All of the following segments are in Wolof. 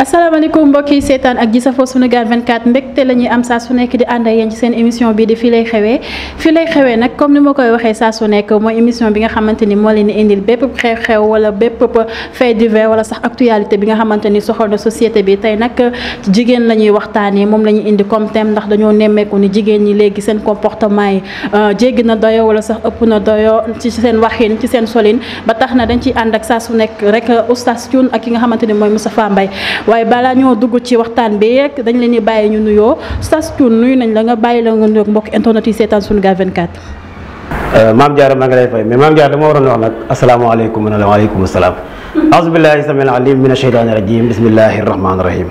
asalaamaaleykum mbokk yi seetaan ak ji safoo Sunugal 24 mbégte la ñuy am saa su nekk di ànd ak yéen ci seen émission bi di fii lay xewee lay xewee nag comme ni ma koy waxee saa su nekk mooy émission bi nga xamante ni moo leen di bépp xew-xew wala bépp fait divers wala sax actualité bi nga xamante ni soxal na société bi tey nag jigéen la ñuy waxtaanee moom la ñuy indi comme thème ndax dañoo nemmeeku ni jigéen ñi léegi seen comportement yi euh, jéggi na doyo wala sax ëpp na doyo ci seen waxin ci seen solin ba tax na dañ ciy ànd ak saa su nekk rek euh, oustaz Thioune ak ki nga xamante ni mooy Moustapha Mbaye waaye balaa ñoo dugg ci waxtaan bi yeeg dañ leen di bàyyi ñu nuyoo sas tuun nuyu nañ la nga bàyyi la nga nuyoog mbokk internet yi seetaan Sunugal 24. maam Diarra maa ngi lay fay mais maam Diarra dama waroon wax nag asalaamaaleykum wa waaleykum salaam. auzu billahi samil alim min asheytaani rajim bismillahi rahmaani rahim.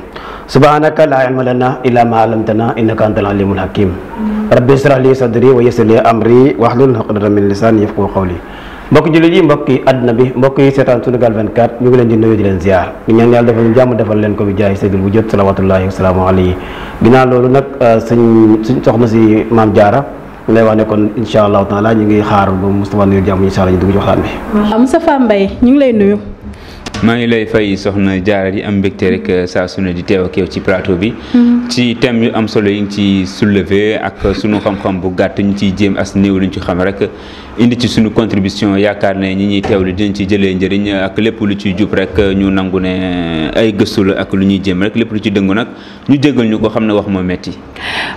subhanaka laa ilma lana illa ma allamtana innaka antal alimul hakim. rabbi israh li sadri wa yassir li amri wahlul uqdatan min mbokk jullit yi mbokk yi àddina bi mbokk yi seetaan Sunugal 24 ñu ngi leen di nuyu di leen ziar ñu ñaan yàlla defal ñu jàmm defal leen ko bi jaay séddul bu jot salawaatullaahi wa salaamu alayhi ginnaaw loolu nag euh, suñ suñ soxna si maam jaara ñu lay wax ne kon incha allahu taala ñu ngi xaar ba Moustapha nuyu jàmm incha allah ñu dugg ci waxtaan bi. Moustapha Mbaye ñu ngi lay nuyu. maa ngi lay fay soxna Diarra di am mbégte rek euh, saa su di teew ak yow ci plateau bi. Mhm. ci thème yu am solo yi ngi ci soulever ak sunu xam-xam bu gàtt ñu ciy jéem as néew li ñu ci xam rek. indi ci suñu contribution yaakaar ne ñu ñuy teewlu dinañ ci jëlee njëriñ ak lépp lu ciy jub rek ñu nangu ne ay gëstu ak lu ñuy jéem rek lépp lu ci dëngu nag ñu jégal ñu ko xam ne wax moo metti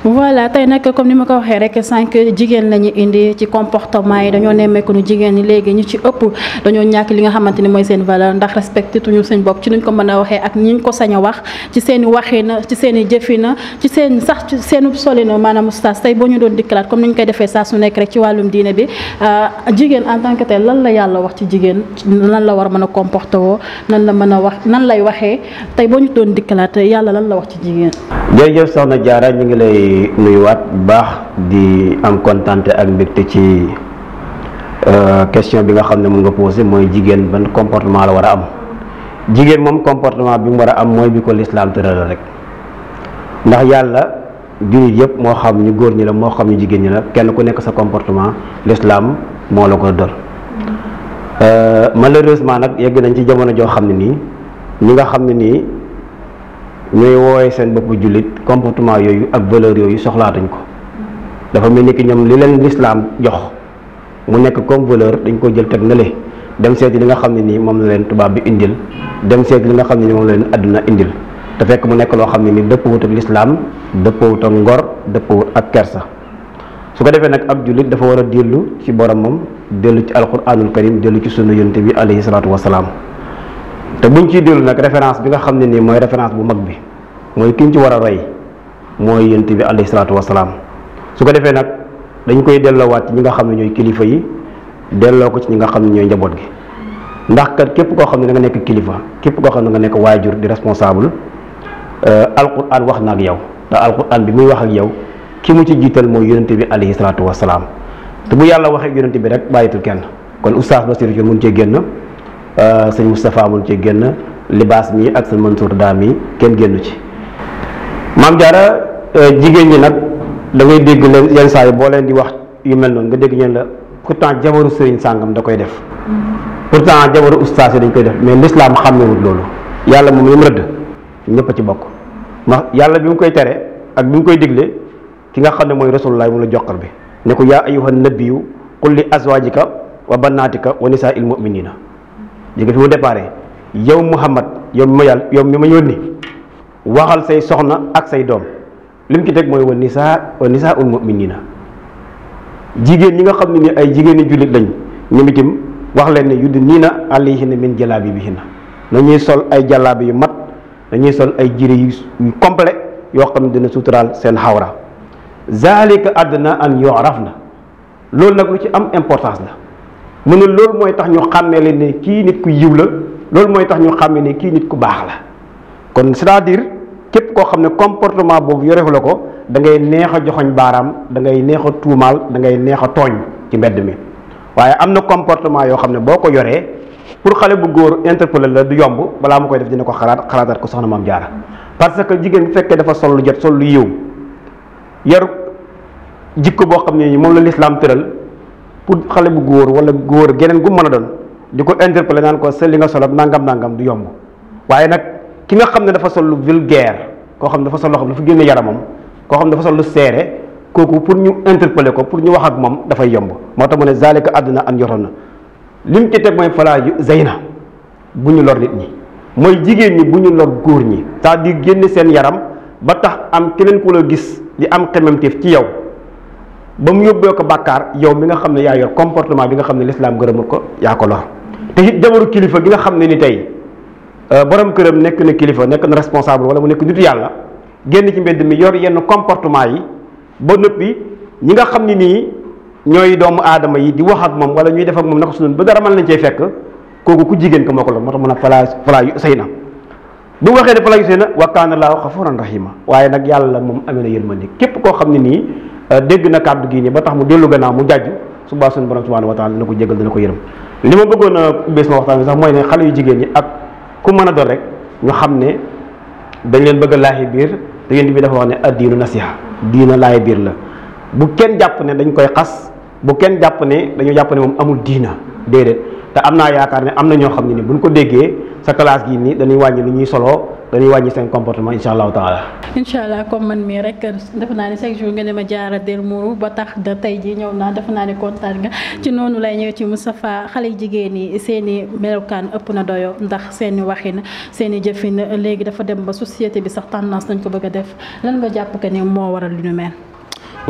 voilà tey nag comme ni ma ko waxee rek sànq jigéen la ñu ci comportement yi dañoo nemmeeku jigéen ñi léegi ñu ci ëpp dañoo ñàkk li nga xamante ni mooy seen valeur ndax respecté tuñu seen bopp ci nuñ ko mën a waxee ak ñiñ ko sañ wax ci seen i waxina ci seen i jëfina ci seen sax ci seen solina maanaam oustaz tey boo ñu doon dikkalaat comme ni ñu koy defee saa su nekk rek ci wàllum diine bi Euh, jigéen en tant que tel lan la yàlla wax ci jigéen nan la war a mën a comporté woo nan la mën a wax nan lay waxee tey boo ñu doon dikkalaat yàlla lan la wax ci jigéen. jërëjëf soxna Diarra ñu ngi lay nuyuwaat bu baax di am kontaan ak mbégte ci euh, question bi nga xam ne mun nga posé mooy jigéen ban comportement la war a am jigéen moom comportement bi mu war a am mooy bi ko lislaam tëral rek ndax yàlla. jullit yëpp moo xam ñu góor ñi la moo xam ñu jigéen ñi la kenn ku nekk sa comportement l'islam moo la ko dër mm. euh, malheureusement nag yegg nañ ci jamono joo xam ne nii ñi nga xam ne nii ñooy wooye seen bopp jullit comportement yooyu ak valeur yooyu soxlaatuñ ko mm. dafa mel ni ki ñoom li leen l'islam jox mu nekk comme valeur dañ ko jël teg na le dem seeti li nga xam ne nii moom la leen tubaab bi indil dem seeti li nga xam ne nii moom la leen àdduna indil te fekk mu nekk loo xam ne ni dëppwut ak lislaam dëppwut ak ngor dëppwut ak kersa su ko defee nag ab jullit dafa war a dellu ci boromam dellu ci alquranul karim dellu ci sunu yonte bi alayhi salaatu wasalaam te buñ ci dellu nag référence bi nga xam ne nii mooy référence bu mag bi mooy kiñ ci war a roy mooy yent bi alayhi salaatu wasalaam su ko defee nag dañ koy delloowaat ci ñi nga xam ne ñooy kilifa yi delloo ko ci ñi nga xam ñooy njaboot gi ndax képp koo xam ne da nekk kilifa képp koo xam ne nga nekk waajur di responsable Euh, alquran wax na ak yow ndax alquran bi muy wax ak yow ki mu ci jiital mooy yonente bi alayhi salaatu wasalaam te mu yàlla waxee yonente bi rek bàyyitul kenn kon oustaz Basiru Cuun mun cee génn euh, sëñ Moustapha mun cee génn libaas mi ak sëñ Mansour daa mi kenn génnu ci maam jaara euh, jigéen ñi nag da dégg leen yenn saa yi boo leen di wax yu mel noonu nga dégg ñeen la pourtant jabaru sëriñ sàngam da koy def mm. pourtant jabaru oustaz yi dañ koy def mais l'islam xàmmewut loolu yàlla ñëpp a ci bokk ndax yàlla bi mu koy tere ak bi mu koy digle ki nga xam ne mooy rasulullah mu la joxal bi ne ko yaa ayyuhan nabiyyu qul li azwaajika wa banaatika wa nisaa'il mu'miniina di nga fi mu déparé yow Muhammad yow mi ma yàlla yow mi ma yónni waxal say soxna ak say doom li mu ci teg mooy wa nisaa wa nisaa'ul na jigéen ñi nga xam ne ni ay jigéen ñi jullit lañ ñoom itam wax leen ne yudniina alayhinna min jalaabibihinna na ñuy sol ay jalaabi yu mat. dañuy sol ay jire yu complet yoo xam ne dina suturaal seen xawra zalika adna an yoraf na loolu nag lu ci am importance la mu ne loolu mooy tax ñu xàmmee leen ne kii nit ku yiw la loolu mooy tax ñu xàmmee ne kii nit ku baax la kon cest à képp koo xam ne comportement boobu yorefu la ko da ngay neex a joxoñ baaraam da ngay neex a tuumaal da ngay neex a tooñ ci mbedd mi waaye am na comportement yoo xam ne boo ko yoree pour xale bu góor interpeller la du yomb balaa mu koy def dina ko xalaat xalaataat ko soxna maam jaara parce que jigéen bu fekkee dafa sol lu jot sol lu yiw jikk jikko boo xam ne moom la lislaam tëral pour xale bu góor wala góor geneen gu mën a doon di ko interpeller naan ko sa li nga sol ak nangam nangam du yomb waaye nag nga xam ne dafa sol lu vulgaire koo xam ne dafa sol loo xam ne yaramam koo xam ne dafa sol lu seere kooku pour ñu interpeller ko pour ñu wax ak moom dafay yomb moo tax mu ne zalika àddina an yoroon lim ci teg mooy falaa yu zeyna bu ñu lor nit ñi mooy jigéen ñi bu ñu lor góor ñi cest di dire génn seen yaram ba tax am keneen ku la gis di am xememteef ci yow ba mu yóbbee ko bàkkaar yow mi nga xam ne yaa yor comportement bi nga xam ne lislaam gërëmul ko yaa ko lor te it jabaru kilifa gi nga xam ne ni tey euh, borom këram nekk na kilifa nekk na responsable wala mu nekk nitu yàlla génn ci mbedd mi yor yenn comportement yi ba noppi ñi nga xam ne nii ñooy doomu aadama yi di wax ak moom wala ñuy def ak moom naka su ba dara mën lañ cey fekk kooku ku jigéen ko moo ko lool moo tax mu a falaa falaa yu say na bu waxee ne falaa yu say na wa kaana a xafuran rahima waaye nag yàlla moom amee na yërmande képp koo xam ne nii euh, dégg na kàddu gii nii ba tax mu dellu gannaaw mu jàjju su baa suñu borom subhanahu wa taala dina ko jégal dina ko yërëm li ma bëggoon a ubbee sama waxtaan bi sax mooy ne xale yu jigéen ñi ak ku mën a doon rek ñu xam ne dañ leen bëgg a biir te yéen bi dafa wax ne addiinu nasiha diina laayi biir la kenn jàpp ne dañ koy xas bu kenn jàpp ne dañu jàpp ne moom amul diina déedéet te am naa yaakaar ne am na ñoo xam ne bu buñ ko déggee sa classe gi nii dañuy wàññi ni ñuy solo dañuy wàññi seen comportement incha allahu taala. incha allah comme man mii rek def naa ne chaque jour nga ne ma jaara del muuru ba tax da tey ji ñëw naa def naa ne kontaan nga ci noonu lay ñëw ci Moustapha xale jigéen ñi seen i melokaan ëpp na doyo ndax seen i waxin seen i jëfin léegi dafa dem ba société bi sax tendance nañ ko bëgg a def lan nga jàpp que ni moo waral lu ñu mel.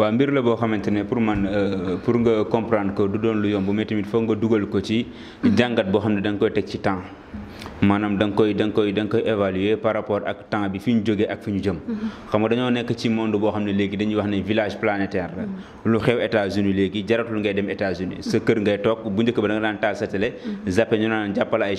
waaw mbir la boo xamante ne pour man euh, pour nga comprendre ko du doon lu yomb mais tamit foog nga dugal ko ci jàngat boo xam ne da nga koy teg ci temps maanaam da nga koy da nga koy da nga koy évaluer par rapport ak temps bi fi ñu jógee ak fi ñu jëm mm-hmm. xam dañoo nekk ci monde boo xam ne léegi dañuy wax ne village planétaire mm-hmm. lu xew États-Unis léegi jaratul ngay bu njëkk ba da nga daan taal sa télé mm-hmm. zappe ñu naan jàppal ay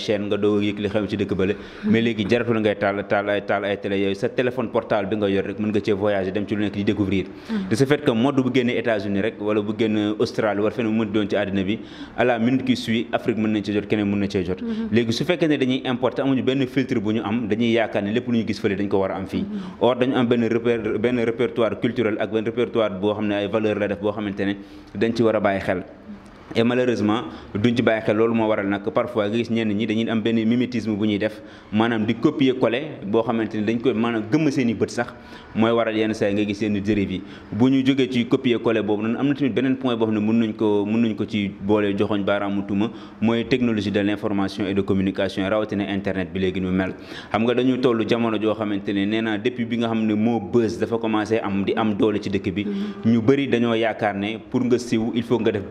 taal ay taal yooyu sa téléphone portable bi nga yor rek mën nga cee voyager dem ci lu nekk di découvrir de ce fait que bu génnee États-Unis rek wala bu génn Australie war fenn mu mën doon ci àddina bi à la minute qui Afrique mën nañ cee jot keneen na importé amuñu benn filtre bu ñu am dañuy yaakaar ne lépp lu ñu gis fële dañ ko war a am fii or dañu am benn repère benn répertoire culturel ak benn répertoire boo xam ne ay valeur la def boo xamante ne dañ ci war a bàyyi xel et malheureusement duñ ci bàyyi xel loolu moo waral nag parfois nga gis ñenn ñi dañuy am benn mimétisme bu ñuy def maanaam di copier coller boo xamante ni dañ koy maanaam gëmm seeni bët sax mooy waral yenn saa yi nga gis seen i dérive yi bu ñu jógee ci copier coller boobu noonu am na tamit beneen point boo xam ne mun nañ ko mën nañ ko ci boolee joxoñ baaraamu tuuma mooy technologie de l' information et de communication rawatina internet bi léegi ñu mel xam nga dañu toll jamono joo xamante ne nee naa depuis bi nga xam ne moo buzz dafa commencé am di am doole ci dëkk bi mm-hmm. ñu bëri dañoo yaakaar ne pour nga siiw il faut nga def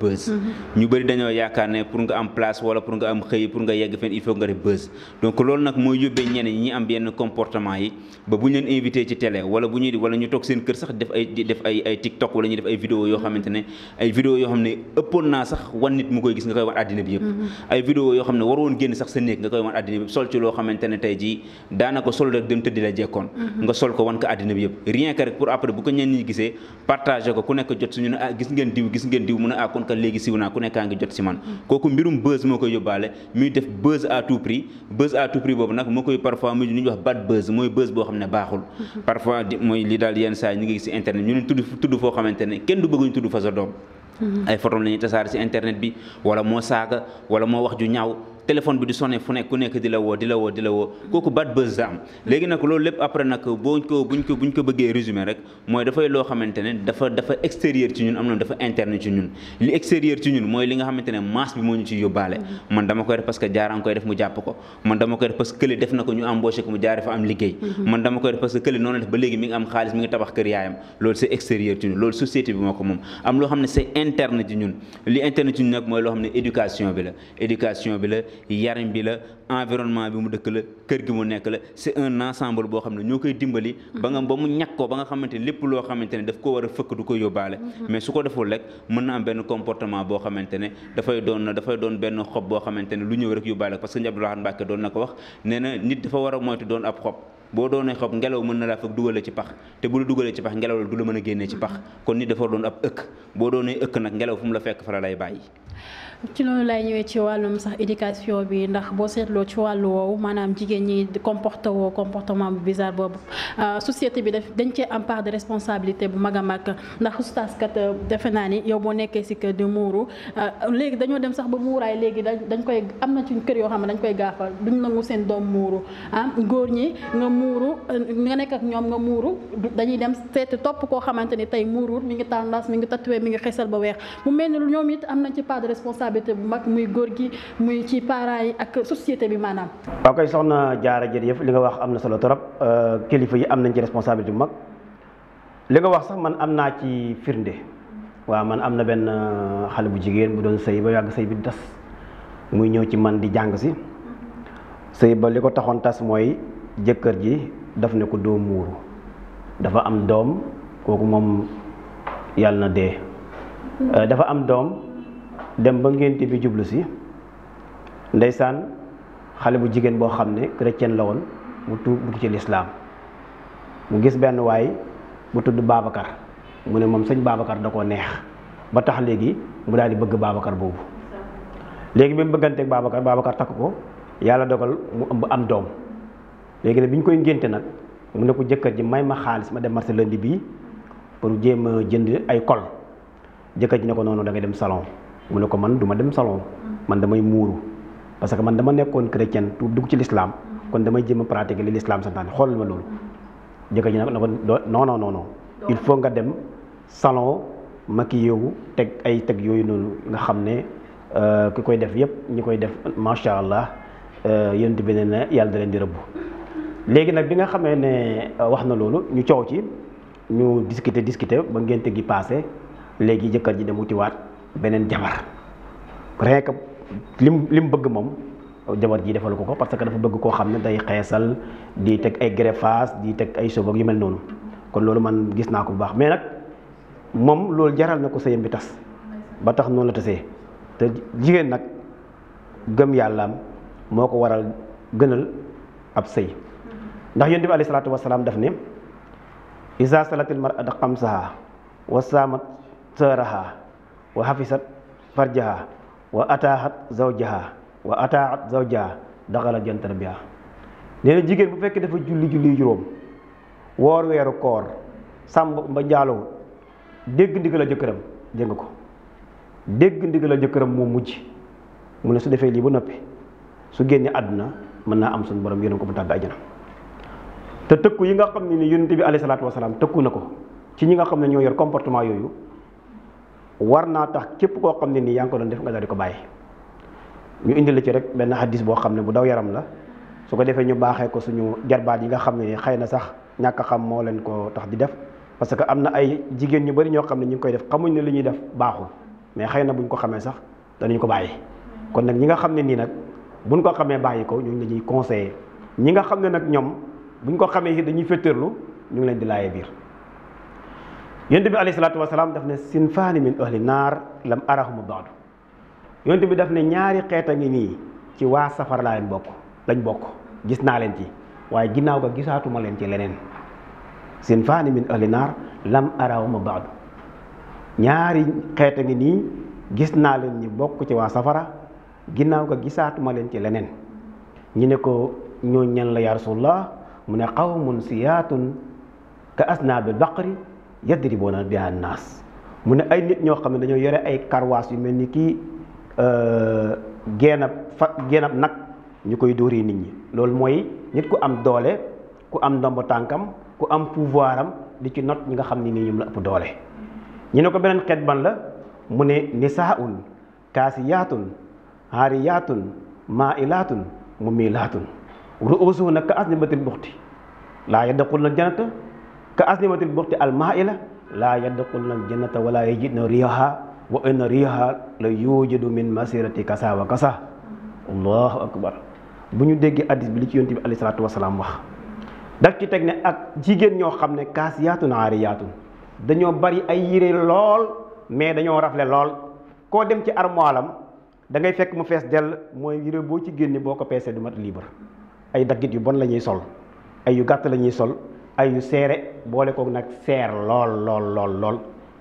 ñu bëri dañoo yaakaar ne pour nga am place wala pour nga am xëy pour nga yegg fenn il faut nga def buzz donc loolu nag mooy yóbbee ñenn ñi am yenn comportement yi ba bu ñu leen invité ci télé wala bu ñuy wala ñu toog seen kër sax def ay def ay TikTok wala ñu def ay vidéo yoo xam ne ëppoon naa sax wan nit mu koy gis nga koy wan àddina bi yëpp mm-hmm. ay vidéo yoo xam ne waroon génn sax sa néeg nga koy wan àddina bi yëpp sol ci loo xamante ne nekkaa ngi jot si man kooku mbirum buzz moo koy yóbbaale muy def buzz à prix buzz à prix boobu nag moo koy parfois muy lu ñuy wax bad buzz mooy buzz boo xam ne baaxul parfois mooy li daal yenn saa yi ñu ngi si internet ñu leen tudd foo xamante ne kenn du bëgg tudd fa sa doom mm-hmm. ay photom la tasaare si internet bi wala moo saaga wala moo wax ju ñaaw téléphone bi di sonné fu nekk ku di la woo di la woo di la woo kooku bad buzz am léegi nag loolu lépp après nag boo ko buñ ko buñ ko bëggee résumé rek mooy dafay loo xamante ne dafa dafa extérieur ci ñun am na dafa interne ci ñun li extérieur mooy li nga xamante ne masse bi moo ñu ci mm-hmm. man dama koy def parce que jaaraan koy jàpp ko man dama koy def parce que na ko ñu embauché ko mu am liggéey mm-hmm. man dama koy def parce que kële noonu def ba léegi mi ngi am xaalis mi ngi tabax kër yaayam loolu c'est extérieur ci ñun loolu société bi moo moom am loo ne interne ci ñun li interne ci ñun nag mooy loo xam ne éducation bi la éducation bi la yaram bi la environnement bi mu dëkk la kër gi mu nekk la c'est un ensemble boo xam ne ñoo koy dimbali ba nga ba mu ñàkk ko ba nga xamante ne lépp loo xamante ne daf ko war a fëkk du ko yóbbaale mm-hmm. mais su ko deful rek mën na benn comportement boo xamante ne dafay doon dafay doon benn xob boo xamante ne lu ñëw rek yóbbaale parce que Sëñ Abdoulaye Mbacke doon na ko wax nee na nit dafa war a moytu doon ab xob boo doonee xob ngelaw mën na laa fekk dugale ci pax te bu la dugalee ci pax ngelaw la du la mën a génnee ci pax mm-hmm. kon nit dafa doon ab ëkk boo doonee ëkk nag ngelaw fu la fekk fa lay bàyyi ci loolu lay ñëwee ci wàllum sax éducation bi ndax boo seetloo ci wàllu woowu maanaam jigéen ñi comporté woo comportement bu bizarre boobu euh, société bi daf dañ cee am part de responsabilité bu mag a mag ndax ustaas kat euh, defe naa ni yow boo nekkee si kër di muuru euh, léegi dañoo dem sax ba muuraay léegi dañ koy am na ci kër yoo xam ne dañ koy gaafal duñ nangu seen doom muuru ah góor ñi nga muuru nga nekk ak ñoom nga muuru dañuy dem seeti topp koo xamante ni tey muuruut mi ngi tendance mi ngi tatoué mi ngi xesal ba weex mu mel ni ñoom it responsabilité bu mag muy góor gi muy ci parents yi ak societé bi maanaam. waaw kay soxna Diarra yëpp li nga wax am na solo trop euh, kilifa yi am nañ ci responsabilité bu mag li nga wax sax man am naa ci firnde waaw man am na benn euh, xale bu jigéen bu doon sëy ba yàgg sëy bi di tas muy ñëw ci man di jàng si sëy ba li ko taxoon tas mooy jëkkër ji daf ne ko doo muuru dafa am doom kooku moom yàlla na dee euh, dafa am doom dem ba ngénte bi jublu si ndeysaan xale bu jigéen boo xam ne chrétien la woon mu tuub dugg ci lislaam mu gis benn waay bu tudd Babacar mu ne moom sëñ baabakar da koo neex ba tax léegi mu daal di bëgg Babacar boobu léegi bi mu bëgganteeg Babacar Babacar takk ko yàlla dogal mu ëmb am doom léegi nag bi ñu koy ngénte nag mu ne ko jëkkër ji may ma xaalis ma dem marché lundi bi pour jéem a jënd ay kol jëkkër ji ne ko noonu da dem salon mu ne ko man duma dem salon man damay muuru parce que man dama nekkoon chrétien tuub dugg ci lislaam kon damay jéem a pratiquer li lislaam santaane xoolal ma loolu jëkkër ji nag na ko non noonoo non il faut nga dem salon maquillé wu teg ay teg yooyu noonu nga xam ne euh, ki koy def yëpp ñi koy def macha allah euh, yonent bi beneen yàlla daleen leen di rëbb léegi nag bi nga xamee ne euh, wax na loolu ñu coow ci ñu discuter discuter ba ngénte gi paase léegi jëkkër ji dem wutiwaat beneen jabar rien que lim lim bëgg moom jabar ji defal ko ko parce que dafa bëgg koo xam ne day xeesal di teg ay greffage di teg ay cheveux yu mel noonu kon loolu man gis naa ko bu baax mais nag moom loolu jaral na ko sëyam bi tas ba tax noonu la tasee te jigéen nag gëm yàllaam moo ko waral gënal ab sëy ndax yonent bi alayhi salaatu wasalaam daf ne isa salatil mar'atu xamsaha wa saamat sëraha wa xafisat farjaha wa ataaxat zawjaha wa ataaxat zawjaha daxala jantar biha nee na jigéen bu fekkee dafa julli julli juróom woor weeru koor sàmb ba jaaloo dégg ndigal a jëkkëram dégg ko dégg ndigal a jëkkëram moo mujj mu ne su defee lii ba noppi su génnee àdduna mën naa am sunu borom yéen ko bu tàbbi ajana te tëkku yi nga xam ne ni yonent bi alayhi salaatu wasalaam tëkku na ko ci ñi nga xam ne ñoo yor comportement yooyu war naa tax képp koo xam ne nii yaa ngi ko doon def nga daal di ko bàyyi ñu indi la ci rek benn xadis boo xam ne bu daw yaram la su ko defee ñu baaxee ko suñu jarbaat yi nga xam ne nii xëy na sax ñàkk xam moo leen ko tax di def parce que am na ay jigéen ñu bari ñoo xam ne ñu koy def xamuñ ne li ñuy def baaxul mais xëy na bu ñu ko xamee sax danañ ko bàyyi kon nag ñi nga xam ne nii nag buñ ko xamee bàyyi ko ñu ngi la ñuy conseiller ñi nga xam ne nag ñoom bu ñu ko xamee dañuy féttéerlu ñu ngi leen di laaye biir yonent bi alayhi salaatu wasalaam daf ne sinfaani min ahli naar lam arahuma baadu yonent bi daf ne ñaari xeet a ngi nii ci waa safara laa leen bokk lañ bokk gis naa leen ci waaye ginnaaw ko gisaatuma leen ci leneen sinfaani min ahli naar lam arahuma baadu xeet a ngi gis naa leen ñi bokk ci waa safara ginnaaw ga gisaatuma leen ci leneen ñu ne ko ñoo ñan la yaa rasulallah mu ne qawmun siyaatun ka asnaabil baqri yadribuuna bihaa naas mu ne ay nit ñoo xam ne dañoo yore ay karwaas yu mel ni kii euh, geenab fat geenab nag ñu koy dóoree nit ñi loolu mooy nit ku am doole ku am ndombo tànkam ku am pouvoir am di ci not ñi nga xam ni nii ñoom la ëpp doole ñu ne ko beneen xeet ban la mu ne nisaaun kaasiyaatun haariyaatun maa'ilaatun mumilaatun ru'usuhunna ka'asnibatil buxti laa yadxuluuna jannata ka asnimatil buxti al maila laa yadxulna al jannata wala yajidna riha wa inna riha la yujadu min masirati kasa kasa allahu akbar bu ñu déggee addis bi li ci yonte bi alayhi salaatu wasalaam wax daf ci teg ne ak jigéen ñoo xam ne kaas yaatun aari yaatun dañoo bari ay yére lool mais dañoo rafle lool koo dem ci armoire am da ngay fekk mu fees dell mooy yére boo ci génne boo ko peesee du mat libre ay daggit yu bon la ñuy sol ay yu gàtt la sol ay yu seere boole koog nag seer lool lool lool lool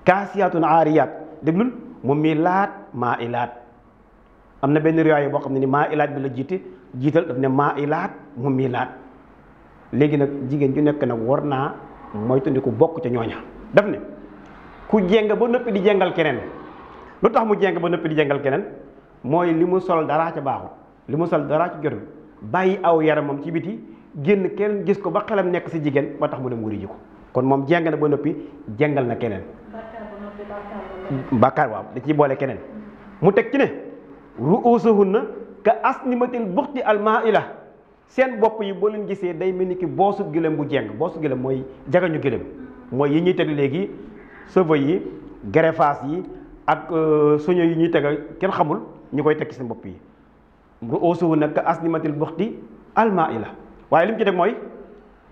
kaasiyaatun aariyaat déglul mu milaat maa ilaat am na benn riwaaya boo xam ne ni maa ilaat bi la jiite jiital daf ne maa ilaat mu miilaat léegi nag jigéen ju nekk nag war naa moytandiku bokk ca ñooña daf ne ku jéng ba noppi di jéngal keneen lu tax mu jéng ba noppi di jéngal keneen mooy li mu sol daraa ca baaxu li mu sol daraa ci jotul bàyyi aw moom ci biti génn kenn gis ko ba xelam nekk si jigéen ba tax mu dem wuri ji ko kon moom jeng na ba noppi jengal na keneen bàkkaar waaw da ciy boole keneen mu teg ci ne ruusuhunna ka asnimatil buxti almaila seen bopp yi boo leen gisee day mel ni ki boo su gëlëm bu jeng boosu gëlëm mooy jagañu gëlëm mooy yi ñuy teg léegi cheveux yi greffage yi ak euh, suñu yi ñuy teg kenn xamul ñu koy teg ci seen bopp yi ruusuhunna ka asnimatil buxti almaila waaye li mu ci teg mooy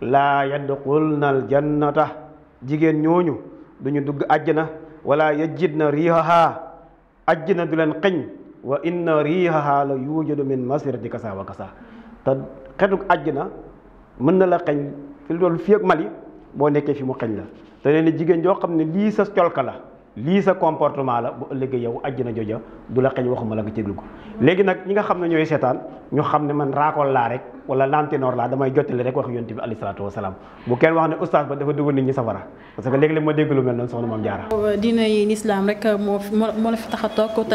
laa yadxulna al jannata jigéen ñooñu du ñu dugg àjjana wala yajidna riihaha àjjana du leen xeñ wa inna riihaha la yujadu min masirati kasaa wa kasa te xetuk na mën na la xeñ fi loolu fi ak Mali boo nekkee fi mu xeñ la te nee jigéen joo xam ne lii sa colka la lii sa comportement la bu ëllëgee yow àjjana jooja du la xeñ waxuma la nga céglu ko léegi nag ñi nga xam ne ñooy seetaan ñu xam ne man raakool laa rek wala lantinoor laa damay jottali rek wax yonent bi alayhi salaatu wasalaam bu kenn wax ne oustaz ba dafa dugg nit ñi safara parce que léegi-léeg ma a toog te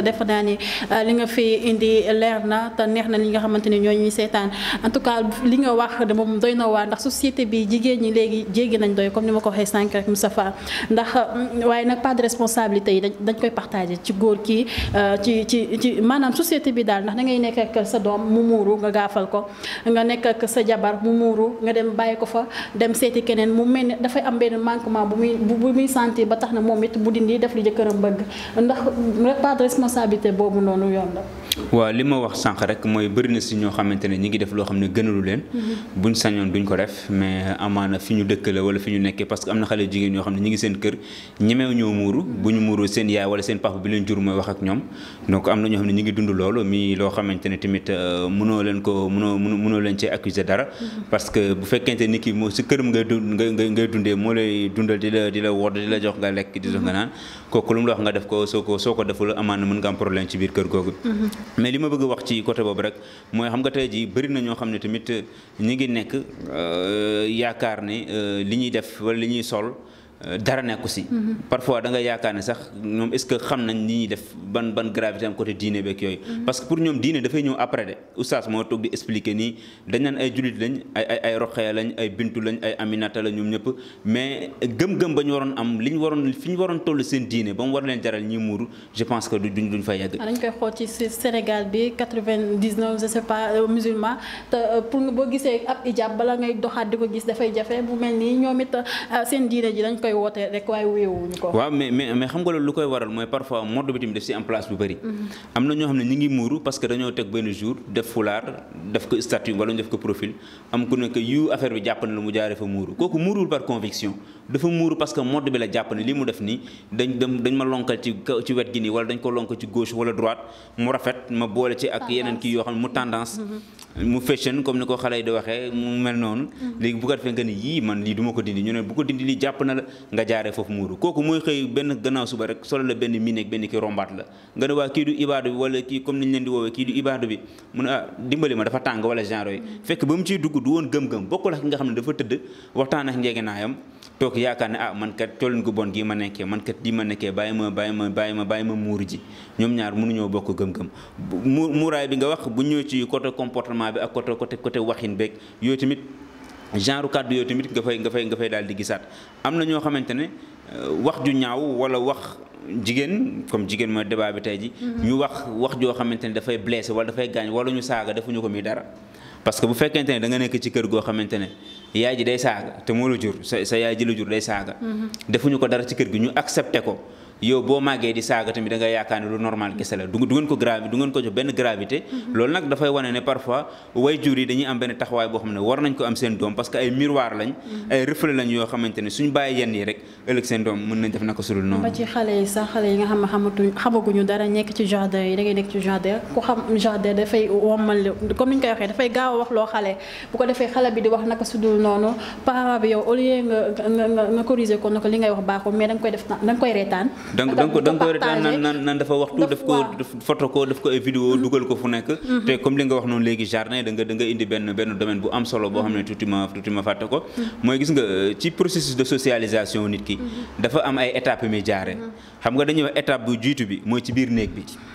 euh, leer na te neex na li nga xamante ni ñooñu seetaan en li nga wax de doy na waar ndax société bi jigéen ñi léegi jéggi nañ doy comme ni ma ko waxee sànq rek Moustapha ndax mm, waaye nag part de responsabilité yi dañ koy partagé ci góor kii euh, ci ci maanaam société bi daal ndax da ngay nekk ak sa doom mu muuru nga nekk ak sa jabar mu muuru nga dem bàyyi ko fa dem seeti keneen mu mel ne dafay am benn manquement bu muy bu muy sentir ba tax na moom it bu dindi def li jëkkëram bëgg ndax part de responsabilité boobu noonu yoon la. waaw li ma wax sànq rek mooy bëri na si ñoo xamante ne ñi ngi def loo xam ne gënalu leen mm-hmm. buñ sañoon duñ ko def mais amaana fi ñu dëkk la wala fi ñu nekkee parce que am na xale jigéen yoo xam ne ñi ngi seen kër ñemeew ñoo muuru bu ñu muuroo seen yaay wala seen papa bi leen jur mooy wax ak ñoom donc am na ñoo xam ne ñi ngi dund loolu mi loo xamante ne tamit euh, mënoo leen ko mënoo mënoo leen cee accuser dara mm-hmm. parce que bu fekkente ni kii moo si këram ngay dund ngay dundee moo lay dundal di la di la wodd di la jox nga lekk di jox nga mm-hmm. kooku lu mu la wax nga def ko soo ko soo ko amaana mën nga am problème ci biir kër googu mais li ma bëgg wax ci côté boobu rek mooy xam nga tey jii bëri na ñoo xam ne tamit ñu ngi nekk euh, yaakaar ne euh, li ñuy def wala li ñuy sol Euh, dara nekku si. Mhm. parfois da nga yaakaar ne sax ñoom est-ce que xam nañ ni def ban ban gravité am côté diine beeg mhm. parce que pour ñoom diine dafay ñëw après de oustaz moo toog di expliquer nii dañ naan ay jullit lañ ay ay ay bintu lañ ay aminata la ñoom ñëpp mais gëm-gëm ba ñu waroon am li waroon fi ñu waroon toll seen diine ba mu war leen jaral ñi muuru je pense que duñ duñ fa yegg. Ah, dañ koy xool ci Sénégal bi 99 je sais pas euh, musulman euh, seen diine koy woote rek waaye wéyewuñu ko. waaw mais mais xam nga loolu lu koy waral mooy parfois mode bi tamit def si en place bu bëri. Mm-hmm. am na ñoo xam ne ñu ngi muuru parce que dañoo teg benn jour def fulaar def ko statut wala ñu def ko profil am ku nekk yu affaire bi jàpp na lu mu jaaree fa muuru kooku muuruwul par conviction dafa muuru parce que mode bi la jàpp lii mu def nii dañ dem dañ ma lonkal ci wet gi nii wala dañ ko lonkal ci gauche wala droite mu rafet ma boole ci ak yeneen kii yoo xam ne mu tendance. Mm-hmm. mu fashion comme ni ko xale yi di waxee mu mel noonu mm-hmm. léegi bu ko defee nga ni yii man lii duma ko dindi ñu ne bu ko dindi lii jàpp na la nga jaare foofu muuru kooku mooy xëy benn gannaaw suba rek solo la benn mii benn ki rombaat la nga ne waa kii du ibaadu bi wala kii comme niñ leen di woowee kii du ibaadu bi mu ne ah, dimbali ma dafa tàng wala genre yi mm-hmm. fekk ba mu ciy dugg du woon gëm-gëm bokk bokkul ak nga xam ne dafa tëdd waxtaan ak yam toog yaakaar ne ah man kat colin gu bon gi ma nekkee man kat di ma nekkee bàyyi ma bàyyi ma bàyyi ma bàyyi ma muur ji ñoom ñaar mënuñoo bokk gëm-gëm mu muuraay bi nga wax bu ñëw ci côté comportement bi ak côté côté côté waxin beek yooyu tamit genre kàddu yooyu tamit nga fay nga fay nga daal di gisaat am na ñoo xamante ne euh, wax ju ñaaw wala wax jigéen comme jigéen mooy débat bi tey ji mm-hmm. ñu wax wax joo xamante ne dafay blessé wala dafay gaañ wala ñu saaga defuñu ko mii dara parce que bu fekkente da nekk ci kër goo xamante ne yaay ji day saaga te moo la jur sa sa yaay ji la jur day saaga. Mm-hmm. defuñu ko dara ci kër gi ñu accepté ko. yow boo màggee di saaga tamit da yaakaar ne lu normal gis du ngeen du ngeen ko jox benn gravité loolu nag dafay wane ne parfois waajur yi dañuy am benn taxawaay boo xam ne war nañ ko am seen doom parce que ay miroir lañ ay reflet lañ yoo xamante ne suñ bàyyi yenn yi rek ëllëg seen doom mën nañ def naka sudul noonu ba da ngay nekk ci loo xale bu ko wax naka sudul noonu parent bi yow au lieu nga nga corriger ko na li ngay wax baaxul mais da nga koy def da nga koy reetaan donc donc donc daan naan naan dafa waxtu daf ko photo ko daf ko ay vidéo mm-hmm. dugal ko fu nekk mm-hmm. te comme li nga wax noonu léegi jardin da nga da nga indi benn benn domaine bu am solo boo xam ne mm-hmm. tuuti ma tuuti ma fàtte ko mooy gis nga ci processus de socialisation nit ki dafa am ay étapes yu muy jaaree xam nga dañuy wax étape bu jiitu bi mooy ci biir néeg bi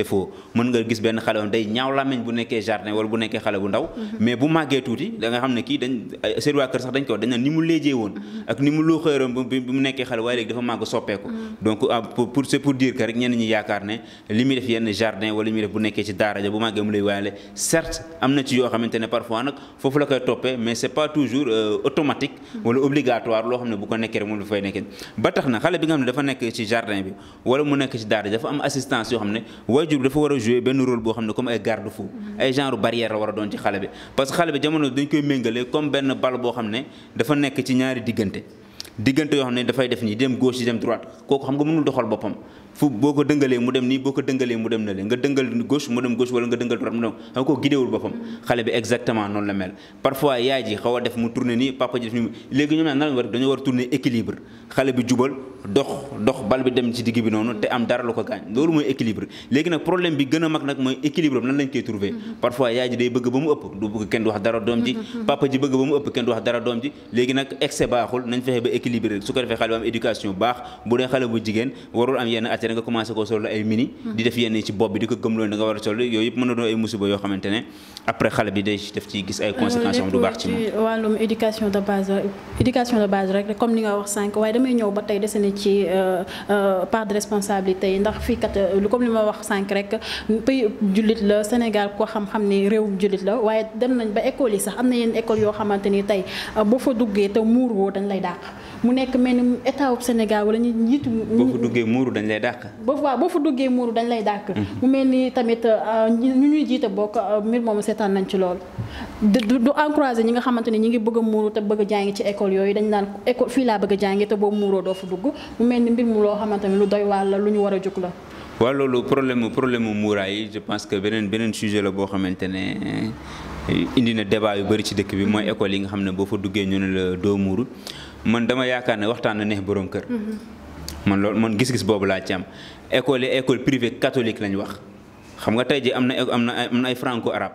c'est faux mën nga gis benn xale mhm. ne kii dañ seen waa kër sax dañ mu léejee woon mhm. ak ni mu looxëeroon bi mu nekkee xale waaye léegi mhm. ah, li muy def yenn jardin wala li muy def bu nekkee ci daara ja bu màggee mu lay waayale certes ne parfois nag foofu la koy toppee mais c'est pas toujours euh, automatique wala obligatoire loo xam ne bu ko nekkee rek moom dafay nekkee ba tax na xale bi nga xam ne dafa nekk ci jardin bi wala mu nekk ci daara dafa am assistance yoo xam ne waajur bi dafa war a jouer benn rôle boo xam ne comme ay garde-fou ay genre barrière la war a doon ci xale bi parce que xale bi jamono dañ koy méngale comme benn bal boo xam ne dafa nekk ci ñaari diggante diggante yoo xam ne dafay def nii dem gauche di dem nga mënul doxal boppam boo ko dëngalee mu dem nii boo ko dëngalee mu dem na le nga gauche mu nga dëngal droite mu dem xam nga koo gidéewul boppam xale bi exactement noonu la mel parfois yaay ji xaw a def mu tourner nii papa ji def nii léegi ñoom naa nan war dañoo war tourner équilibre xale bi dox dox bal bi dem ci digg bi noonu te am dara lu ko gaañ loolu mooy équilibre léegi nag problème bi gën a mag nag mooy équilibre bi nan lañ trouver mm-hmm. parfois yaay ji day bëgg ba mu ëpp du bëgg kenn du wax dara doom ji mm-hmm. papa ji bëgg ba mu ëpp kenn du wax dara doom ji léegi nag excès baaxul nañ fexe ba équilibré su ko defee xale bu am éducation baax bu dee xale bu jigéen warul am yenn at nga commencé koo solo ay mini mm-hmm. di def yenn ci bopp bi di ko ci euh, euh, part de responsabilité yi ndax fii kat euh, lu comme li ma wax sànq rek pays jullit la Sénégal koo xam-xam ne réewum jullit la waaye dem nañ ba école yi sax am na yenn école yoo xamante ni tey boo fa duggee te muur woo dañ lay dàq. mu nekk mel ni état wu Sénégal wala ñu njiitu. boo fa duggee dañ lay dàq. boo waaw boo fa duggee muuru dañ lay dàq. Mhm. mu mel ni tamit euh, ñu ñuy jiita bokk euh, mbir moom seetaan nañ ci lool du du encouragé ñi nga xamante ni ñi ngi bëgg a muuru te bëgg a jàngi ci école yooyu dañ naan école fii laa bëgg a jàngi te boo muuroo doo fa dugg mu mel ni mbir mu loo xamante ni lu doy waar la lu ñu war a jóg la. waaw loolu problème problème mu muuraay je pense que beneen beneen sujet la boo xamante ne indi na débat yu bëri ci dëkk bi mooy école yi nga xam ne boo fa duggee ñu ne la doo muuru man dama yaakaar ne waxtaan na neex borom kër. man loolu man gis-gis boobu laa ci am école yi école privée catholique lañ wax xam nga tey ji am na am na am na ay franco arabe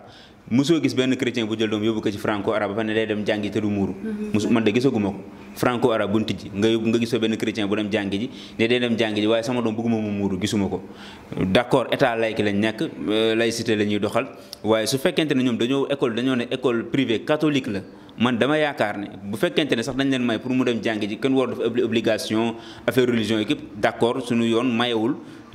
mosoo gis benn chrétien bu jël doom yóbbu ko ci franco arabe ba fa ne dem jàngi te du muuru. mosu man de gisaguma ko franco nga yóbbu nga gisoo benn chrétien bu dem jàngi ji day dem jàngi ji waaye sama doom bëgguma mu muuru gisuma ko. d'accord état laïque lañ nekk euh, laïcité la ñuy doxal waaye su fekkente ne ñoom dañoo école dañoo ne école privée catholique la. man dama yaakaar ne bu fekkente ne sax dañ leen may pour mu dem jàng ji kenn war dafa obligation affaire religion yi képp d'accord suñu yoon mayewul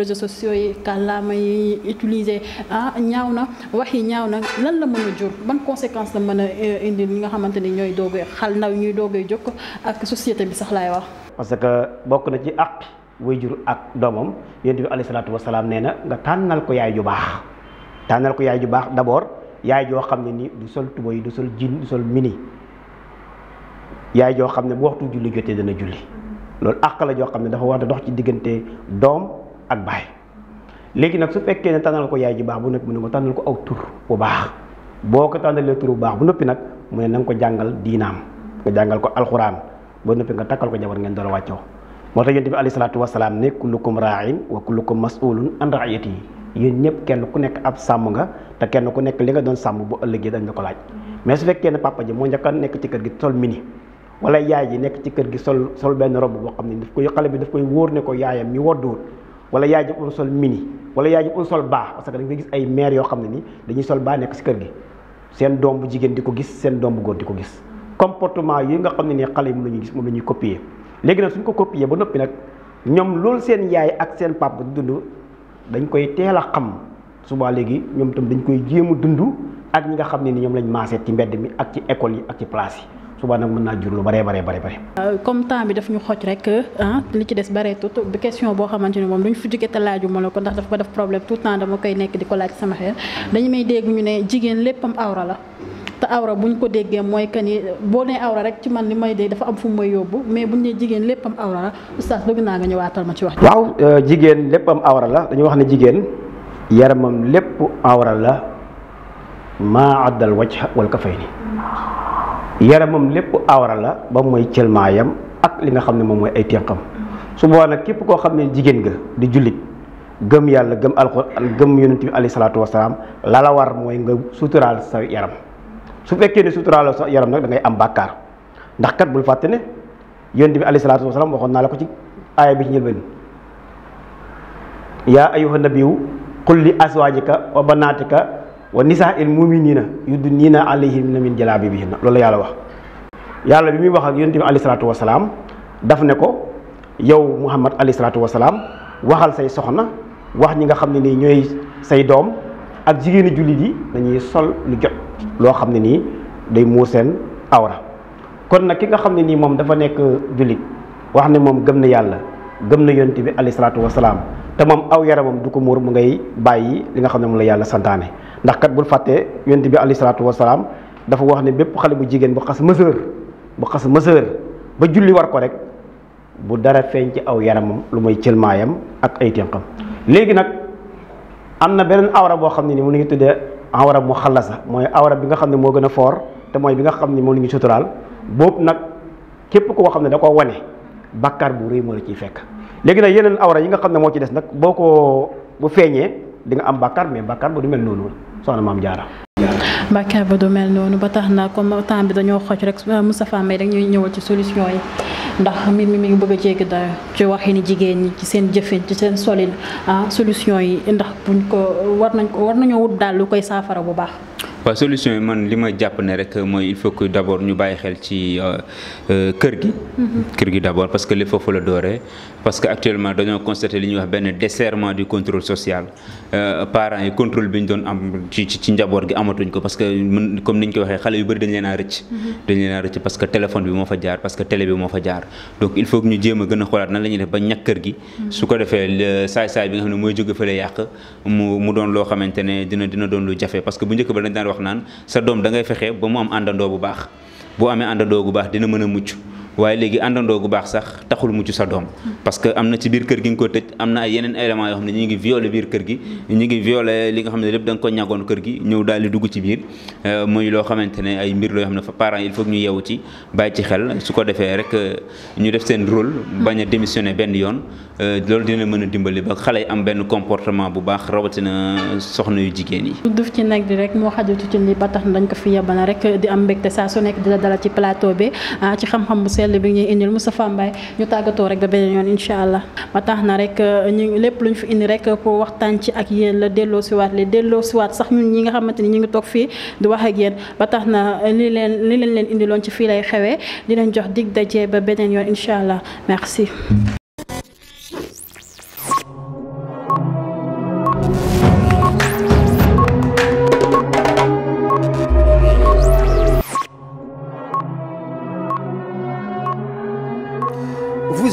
réseaux sociaux yi kàllaama yi utiliser ah ñaaw na wax yi ñaaw na lan la mën a jur ban conséquence la mën a eh, indi ñi nga xamante ni ñooy doogee xal ndaw ñuy doogee jokk ak société bi sax laay wax. parce que bokk na ci àq waajur ak doomam yonent bi alayhi salaatu wasalaam nee na nga tànnal ko yaay ju baax tànnal ko yaay ju baax d'abord yaay joo xam ne ni du sol tuba yi du sol jin du sol mini yaay joo xam ne bu waxtu julli jotee dana julli loolu àq la joo xam ne dafa ci diggante doom. ak baay léegi nag su fekkee ne tànnal ko yaay ji baax bu nekk mu ne ko tànnal ko aw tur bu baax boo ko tànnalee tur bu baax bu noppi nag mu ne na ko jàngal diinaam nga jàngal ko alxuraan ba noppi nga takkal ko jabar ngeen doon wàccoo moo tax yonent bi alayhi salaatu wasalaam ne kullukum raa'in wa kullukum mas'ulun an ra'iyatihi yéen ñëpp kenn ku nekk ab sàmm nga te kenn ku nekk li nga doon sàmm bu ëllëgee dañ la ko laaj mais su fekkee ne papa ji moo njëkk nekk ci kër gi sol mini wala yaay ji nekk ci kër gi sol sol benn robe boo xam ne daf koy xale bi daf koy wóor ne ko yaayam mi wodduwul wala yaay ji un sol mini wala yaay ji un sol baa parce que dañ koy gis ay mère yoo xam ne ni dañuy sol baa nekk si kër gi seen doom bu jigéen di ko gis seen doom bu góor di ko gis comportement yi nga xam ne ni xale yi moom la ñuy gis moom la ñuy copier léegi nag suñ ko copier ba noppi nag ñoom loolu seen yaay ak seen papa di dund dañ koy teel a xam subaa léegi ñoom tam dañ koy jéem a dund ak ñi nga xam ne ni ñoom lañu maasee ci mbedd mi ak ci école yi ak ci place yi suba nag mën naa jur lu baree baree bare bare euh, comme temps bi daf ñu xoj rek euh, ah li ci des baree tut bi question boo xamante ne moom duñ fi jóge te laaju ma la ko ndax dafa def problème tout le temps dama koy nekk di ko laaj sama xel dañu may dégg ñu ne jigéen léppam awra la te awra bu ko déggee mooy que ni boo nee awra rek ci man li may dee dafa am fu mu may yóbbu mais bu ñu nee jigéen léppam awra la oustaz bëgg naa nga ñëwaatal ma ci wax. waaw euh, jigéen léppam awra la dañuy wax ne jigéen yaramam lépp awra la maa addal wajh wal kafayni yaramam lépp awra la ba mooy cëlmaayam ak li nga xam ne moom mooy ay ténqam su boobaa nag képp koo xam ne jigéen nga di jullit gëm yàlla gëm alxuraan gëm yonent bi alayhi salaatu wasalaam la war mooy nga suturaal sa yaram su fekkee ne suturaal sa yaram nag da ngay am bàkkaar ndax kat bul fàtte ne yonent bi alayhi salaatu wasalaam waxoon naa la ko ci aaya bi ci njëlbeen yaa ayyuhan nabiyyu qul li azwaajika wa wa nisaa il muminina yudnina alayhinna min jalaabibihinna loolu la yàlla wax yàlla bi muy wax ak yonent bi alayhi salaatu wasalaam daf ne ko yow muhammad alayhi salaatu wasalaam waxal say soxna wax ñi nga xam ne nii ñooy say doom ak jigéenu jullit yi dañuy sol lu jot loo xam ne nii day muur seen awra kon nag ki nga xam ne nii moom dafa nekk jullit wax ne moom gëm na yàlla gëm na yonent bi alayhi salaatu wasalaam te moom aw yaramam du ko muur mu ngay bàyyi li nga xam ne moom la yàlla santaane ndax kat bul fàtte yonent bi alayhi salaatu dafa wax ne bépp xale bu jigéen bu xas mësër bu xas mësër ba julli war ko rek bu dara feeñ ci aw yaramam lu mooy cëlmaayam ak ay ténqam léegi nag am na beneen awra boo xam ne ni mu ngi tuddee awra mu xallasa mooy awra bi nga xam ne moo gën a foor te mooy bi nga xam ne moom la ñu suturaal boobu nag képp koo xam ne da koo wane bakkaar bu rëy moo la ciy fekk léegi nag yeneen awra yi nga xam ne moo ci des nag boo ko bu feeñee di nga am bàkkaar mais bàkkaar bu du mel noonu soxna maam jaara bàkkaar ba du noonu ba tax na comme temps bi dañoo xoj rek Moustapha Mbaye rek ñuy ñëwal ci solution yi ndax mbir mi mi ngi bëgg a jéggi dayo ci waxini jigéen ñi ci seen jëfin ci seen solin ah solution yi ndax buñ ko war nañ ko war nañoo wut daal lu koy saafara bu baax waaw solution yi man li ma jàpp ne rek mooy il faut que d' abord ñu bàyyi xel ci euh, euh, kër gi. Mm-hmm. kër gi d' abord parce que li foofu la dooree parce que actuellement dañoo constaté li ñu wax benn desserrement du contrôle social euh, parents yi contrôle bi ñu doon am ci ci njaboot gi amatuñ ko parce que mën comme ni ñu ko waxee xale yu bëri mhm. dañ leen a rëcc. parce que téléphone bi moo fa jaar parce que télé bi moo fa jaar donc il faut que ñu jéem a gën a xoolaat nan la def ba ñàkk kër gi. Mhm. su ko defee saay-saay bi nga xam ne mooy jóge fële yàq mu mu doon loo xamante ne dina dina doon lu jafe parce que bu njëkk ba dañ daan wax naan sa doom da ngay fexe ba mu am àndandoo bu baax bu amee àndandoo bu baax dina mën a mucc. waaye léegi àndandoo gu baax sax taxul mucc sa doom parce am na ci biir kër gi nga ko tëj am na yeneen éléments yoo xam ne ñu ngi violé biir kër gi ñu ngi violé li nga xam ne lépp da ko ñagoon kër gi ñëw daal di dugg ci biir euh, muy loo xamante ne ay mbir loo xam ne fa il faut ñu yeewu ci bàyyi ci xel su ko defee rek euh, ñu def seen rôle bañ a démissionné benn yoon euh, loolu dina mën dimbali ba xale yi am benn comportement bu baax rawatina soxna yu jigéen yi sell bi ñuy indil sa Mbaye ñu tàggatoo rek ba beneen yoon incha allah ba tax na rek euh, ñu lépp lu ñu fi indi rek pour waxtaan ci ak yéen la delloo siwaat la delloo siwaat sax ñun ñi nga xamante ni ñu ngi toog fii di wax ak yéen ba tax na euh, li leen li leen leen indiloon ci fii lay xewee di leen jox dig dajee ba beneen yoon incha allah merci